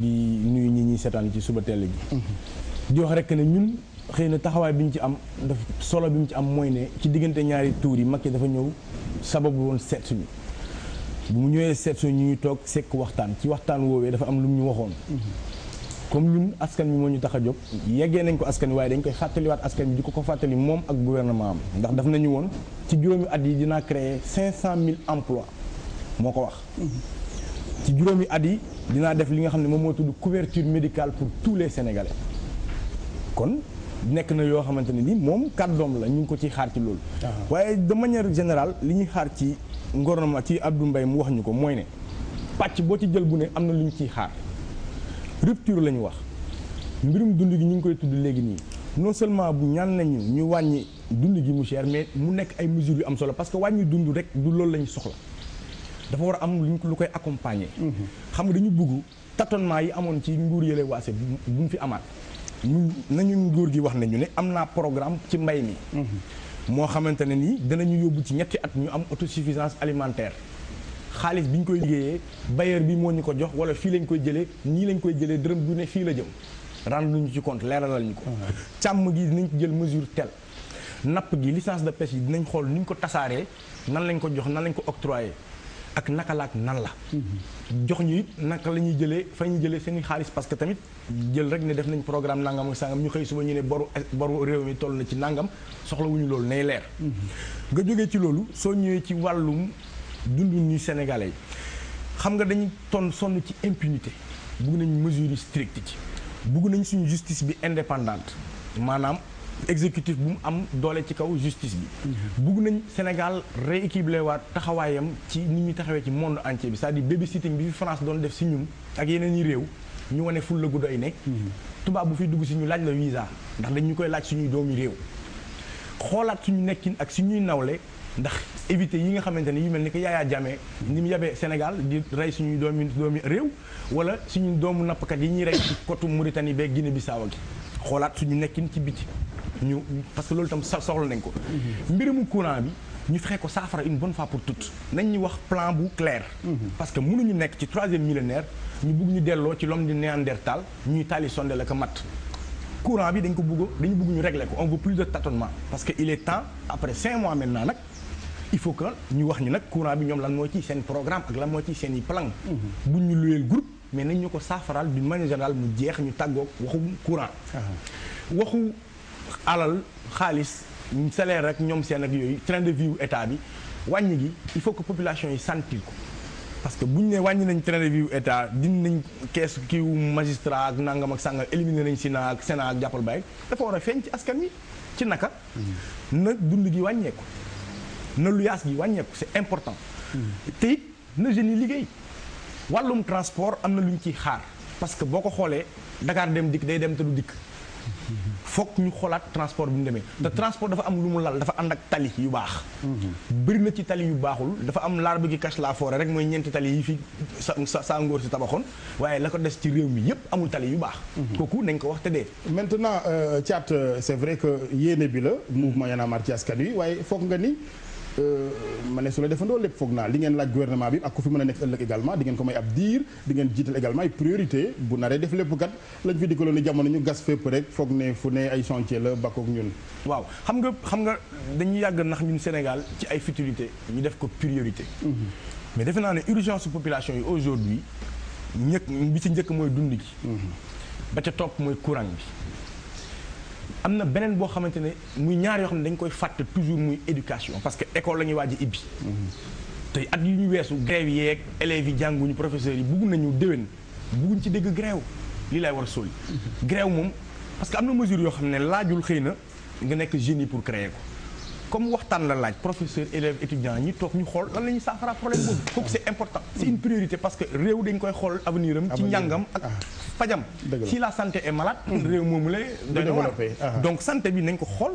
di nuyu ñi ñuy seetaan ci suba teel gi di wax rek ne ñun xëy na taxawaay bi ñu ci am daf solo bi mu ci am mooy ne ci diggante ñaari tuur yi Macky dafa ñëw sababu woon seet bi bu mu ñëwee seet ñu ñu toog sekk waxtaan ci waxtaan woowee dafa am lu mu ñu waxoon comme ñun askan bi moo ñu tax jóg yeggee nañ ko askan wi dañ koy fàttaliwaat askan bi di ko ko fàttali moom ak gouvernement am ndax daf nañu woon ci juróomi at yi dinaa créer cinq cent mille emplois moo ko wax ci juróomi at yi dina def li nga xam ne moom moo tudd couverture médicale pour tous les sénégalais kon nekk na yoo xamante ne ni moom kàddoom la ñu ngi ko ci xaar ci loolu. Ah. waaye de manière générale li ñuy xaar ci ngornement ci Abdou Mbaye mu wax ñu ko mooy ne pàcc boo ci jël bu ne am na lu ñu ciy xaar rupture la ñu wax mbirum dund gi ñu ngi koy tudd léegi nii non seulement bu ñaan nañu ñu wàññi dund gi mu cher mais mu nekk ay mesures yu am solo parce que wàññi dund rek du loolu la ñu soxla. dafa war a am luñ lu koy accompagner. Mhm. xam nga dañu bugg tâtonnement yi amoon ci nguur yële waase bu mu fi amaat ñu nañu nguur gi wax ne ñu ne am naa programme ci mbay mi. Mhm. moo xamante ne nii danañu yóbbu ci ñetti at ñu am autosuffisance alimentaire xaalis bi ñu koy liggéeyee bailleur bi moo ñu ko jox wala fii lañ koy jëlee nii lañ koy jëlee dërëm bu ne fii la jëm rendre lu ñu ci compte leeralal ñu ko. Mhm. càmm gi nañ ko jël mesure tel napp gi licence de pêche yi dinañ xool ni ko tasaaree nan lañ ko jox nan lañ ko octroyé. ak naka la ak nan la. jox ñu it naka la ñuy jëlee fa ñuy jëlee seen xaalis parce que tamit jël rek ne def nañ programme nangam ak sangam ñu xëy suba ñu ne boru boru réew mi toll na ci nangam soxlawuñu loolu nay leer. nga jógee ci loolu soo ñëwee ci wàllum dundu ñu Sénégalais yi xam nga dañuy ton sonn ci impunité bugg nañu mesure yi strict ci bugg nañ suñu justice bi indépendante maanaam. exécutif bu mu am doole ci kaw justice bi. bugg nañ Sénégal rééquilibré waat taxawaayam ci ni muy taxawee ci monde entier bi c'est-à-dire babysitting bi fi France doon def si ñun ak yeneen i réew ñu wane ful la gu doy nekk. tubaab bu fi dugg si ñu laaj la visa ndax dañ ñu koy laaj suñuy doomi réew. xoolaat suñu nekkin ak suñuy nawle ndax éviter yi nga xamante ne yu mel ni ko Yaya Jammeh ni mu yabee Sénégal di rey suñuy doomi doomi réew wala suñu doomu nappkat yi ñuy rey ci côte Mauritanie beeg Guinée Bissau gi xoolaat suñu nekkin ci biti ñu parce que loolu itam soxla nañ ko. Mhm. mbirum courant bi ñu fexe ko saafara une bonne fois pour toutes nañ ñu wax plan bu clair. Mhm. parce que ñu nekk ci e millénaire ñu bëgg ñu l'autre ci l'homme du néandertal ñuy tali sondé la ko mat courant bi dañ ko bugg dañu bëgg ñu régler ko on veut plus de tâtonnement parce que il est temps après cinq mois maintenant nak il faut que ñu wax ni nak courant bi ñom lan mo ci seen programme ak lan moitié ci seen plan. Mhm. bu ñu luyeel groupe mais nañ ñu ko saafaraal d'une manière générale mu jeex ñu taggo waxu courant. Ah. waxu alal khalis salaire rek ñom sen ak yoy train de vie état bi wàññi gi il faut que population yi sentir ko parce que buñ né nee wàññi nañ train de vie état din nañ ki wu magistrat ak nangam ak sangal éliminer nañ sina, ak Sénat ak jàppal bay dafa wara fenc ci askan mi ci naka mm-hmm. na dund gi ko na lu yas gi ko c'est important mm-hmm. te ne na jeunes liggéey transport amna luñ ci xaar parce que boko xolé Dakar dem dik day dem te du foog ñu xolat transport bu mu demee. te transport dafa am lu mu lal dafa and ak tali yu bax bëri na ci tali yu baxul dafa am larbe gi cache la forêt rek moy ñent tali yi fi sa ngor ci ngóor waye tabaxoon waaye la ko des ci réew mi yépp amul tali yu bax kooku nañ ko wax té dé maintenant euh Thiat euh, c'est vrai que yéné bi la mouvement Y'en a marre ci askan wi waaye foog nga ni. Euh, ma ne su la defandoo lépp li ngeen laaj gouvernement bi ak ko fi mën nek ëlëk également di ngeen ko may ab dir di ngeen jiital également priorité bu naree def lépp kat lañ fi dikkaloon ni jamono ñu gas fépp rek foog ne fu ay chantier la bakkook ñun waaw xam nga xam nga dañuy yag nax ñun Sénégal ci ay futilité ñu def ko priorité mhm. mais def na né urgence population yi aujourd'hui ñek bi ci ñek moy dund ci mhm. ba ca top moy courant bi am na beneen boo xamante ne muy ñaar yoo xam ne dañ koy fàtte toujours muy éducation parce que école la ñuy waaj a ibbi. tey at yu ñu weesu grève yeeg élèves yi jàng jànguñu professeur yi bugg nañu déwén bugguñ ci dégg grève li lay war a sóoli. grève moom parce que am na mesure yoo xam ne laajul xëy na nga nekk génie pour créer ko. comme waxtaan la laaj professeur élève étudiant ñi toog ñu xool lan la ñuy saafara problème boobu foofu ah. c'est important c'est une priorité parce que réew dañ koy xool avenir am ci njàngam ak ah. fajam si la santé est malade hmm. réew moomu la doy na waar ah. donc santé bi nañ ko xool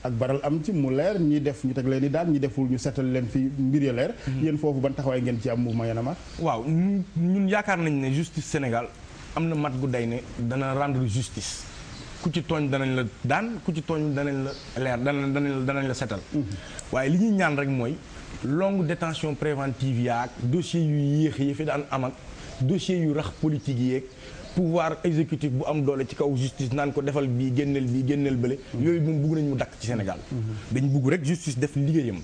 ak baral am ci mu leer ñi def ñu tek leen i daan ñi deful ñu seetal leen fi mbir ya leer mhm. yeen fofu ban taxawaay ngeen ci am mouvement Y'en a waaw ñun yaakaar nañ ne justice Sénégal am na mat gu day ne dana rendre justice ku ci tooñ danañ la daan ku ci tooñ danañ la leer danañ danañ danañ la setal mhm. waaye li ñuy ñaan rek mooy longue détention préventive yaak dossier yu yéex yi fi daan am ak dossier yu rax politique yeeg pouvoir exécutif bu am doole ci kaw justice naan ko defal bii génneel bii génneel bële. yooyu moom bugg nañ mu dakk ci Sénégal. Mhm. dañ bugg rek justice def liggéeyam.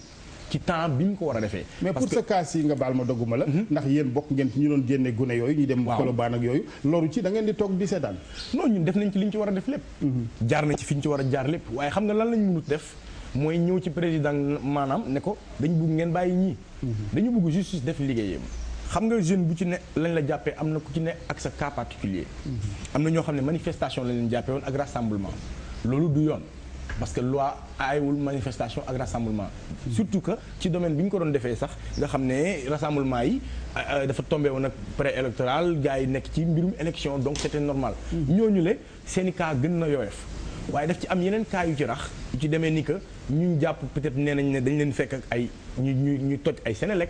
ci temps bi ñu ko war a defee. mais pour ce cas ci nga baal ma dogguma la. Mhm. ndax yéen bokk ngeen ci ñu doon génne gune yooyu. ñu dem Colobane ak yooyu. loru ci da ngeen di toog di seetaan. non ñun def nañ ci li ñu ci war a def lépp. Mhm. jaar na ci fi ñu ci war a jaar lépp waaye xam nga lan lañ mënut def mooy ñëw ci président maanaam ne ko dañu bëgg ngeen bàyyi ñii. dañu bëgg justice def liggéeyam. xam nga jeune bu ci ne lañ la jappé amna ku ci ne ak sa cas particulier mhm. amna ño xamné manifestation lañ leen jappé won ak rassemblement loolu du yoon parce que loi aayewul manifestation ak rassemblement mhm. surtout que ci domaine biñ ko doon défé sax nga xamné rassemblement yi euh, euh, dafa tombé won ak pré-électoral gaay yi nekk ci mbirum élection donc c'était normal mhm. ñoñu lé seen cas gën na yooyof waye daf ci am yenen cas yu ci rax ci démé ni que ñu japp peut-être nee nañ ne dañ leen fekk ak ay ñu ñu ñu toj ay Sénélec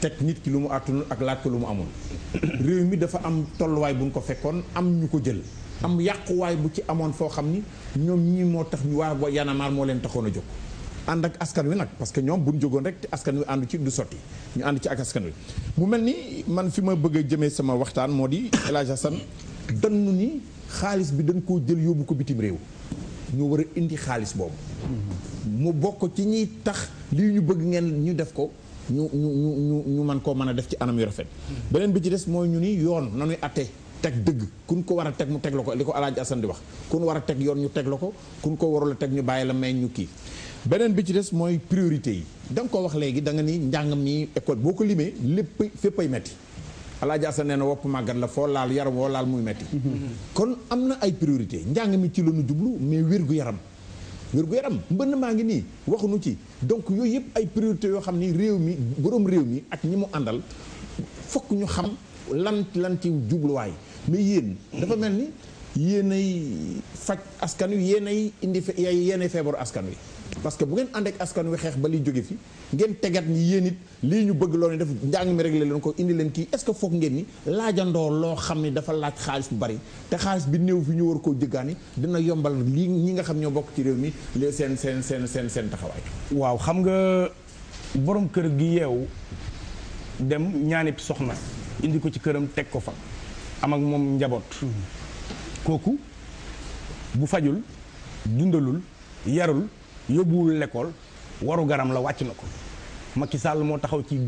teg nit ki lu mu àttunul ak laaj ko lu mu amul réew mi dafa am tolluwaay bu ko fekkoon am ñu ko jël am yàquwaay bu ci amoon foo xam ni ñoom ñii moo tax ñu waa yanamaar moo leen taxoon a jóg ànd ak askan wi nag parce que ñoom bu ñu jógoon rek te askan wi ànd ci du sotti ñu ànd ci ak askan wi mu mel ni man fi ma bëgg a jëmee sama waxtaan moo di El Hadj Assane dannu ni xaalis bi dañ koo jël yóbbu ko bitim réew ñu war a indi xaalis boobu mu bokk ci ñuy tax lii ñu bëgg ngeen ñu def ko ñu ñu ñu ñu ñu mën koo mën a def ci anam yu rafet. beneen bi ci des mooy ñu ni yoon na nañuy atte teg dëgg kun ko war a teg mu teg la ko li ko Alaaji Asan di wax kun war a teg yoon ñu teg la ko kun ko warul a teg ñu bàyyi la may ñu kii beneen bi ci des mooy priorité yi da nga ko wax léegi da nga ni njàng mi école boo ko limee lépp fépp ay metti Alaaji Asan nee na wopp màggat la foo laal yaram woo laal muy metti mm-hmm. kon am na ay priorité njàng mi ci la ñu jublu mais wér gu yaram wér-gu-yaram mbënn maa ngi nii waxuñu ci donc yooyu yëpp ay priorité yoo xam ni réew mi boroom réew mi ak ñi mu àndal fokk ñu xam lan lan ci jubluwaay mais yéen dafa mel ni yéenay faj askan wi yéenay indi fe yéenay feebaru askan wi. parce que bu ngeen ànd ak askan wi xeex ba li jóge fi ngeen tegat ni yéen it lii ñu bëgg loo ne def njàng mi réglé leen ko indi leen kii est ce que foog ngeen ni laajandoo loo xam ni dafa laaj xaalis bu bari te xaalis bi néew fi ñu war koo jëggaani dina yombal lii ñi nga xam ñoo bokk ci réew mi les seen seen seen seen seen taxawaay. waaw xam nga borom kër gi yeewu dem ñaanib soxna indi ko ci këram teg ko fa am moom njaboot. Mm-hmm. kooku bu fajul dundalul yarul yóbbuwul l'école waru garam la wàcc na ko Macky Sall moo taxaw ci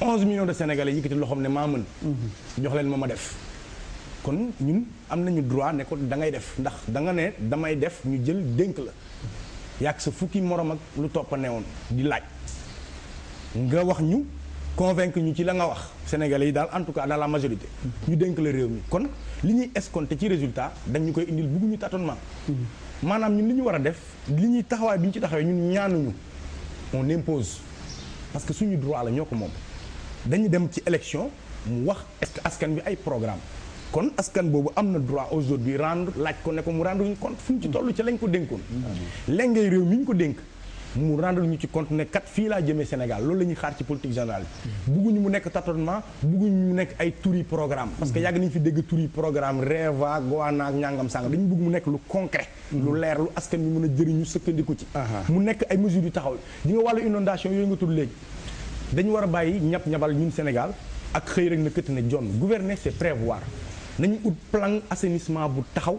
11 millions de sénégalais yëkkati loxoom ne maa mën. Mhm. jox leen ma ma def. kon ñun am nañu droit ne ko da ngay def ndax danga ne damay def ñu jël dénk la yàgg sa fukki morom ak lu topp woon di laaj nga wax ñu. convaincre ñu ci la nga wax sénégalais yi daal en tout cas dans la majorité mm-hmm. ñu dénk la réew mi kon li ñuy escompté ci résultat dañu koy indil bugguñu tâtonnement mm-hmm. maanaam ñun li ñu war a def li ñuy taxawaay bi ñu ci taxawee ñun ñaanuñu on impose parce que suñu droit la ñoo ko moom dañu dem ci élection mu wax est-ce que askan bi ay programme kon askan boobu am na droit aujourd'hui rend laaj ko ne ko mu rendre ñu compte fu ñu ci toll ci lañ ko dénkoon mm-hmm. lengay réew mi ñu ko dénk mu rendre ñu ci compte ne kat fii laa jëmee Sénégal loolu la ñuy xaar ci politique générale bi mm-hmm. bugguñu mu nekk tâtonnement bugguñu mu nekk ay turi programme parce que mm-hmm. yàgg nañu fi dégg turi programme REVA Goana ak ñàngam sàng dañu bugg mu nekk lu concret mm-hmm. lu leer lu askan ñu mën a jëriñu sëkkandiku ci mu nekk ay mesures yu taxaw di nga wàllu inondation yooyu nga tudd léegi dañu war a bàyyi ñap ñabal ñun Sénégal ak xëy rek na këtt ne jon gouverner c'est prévoir nañu ut plan assainissement bu taxaw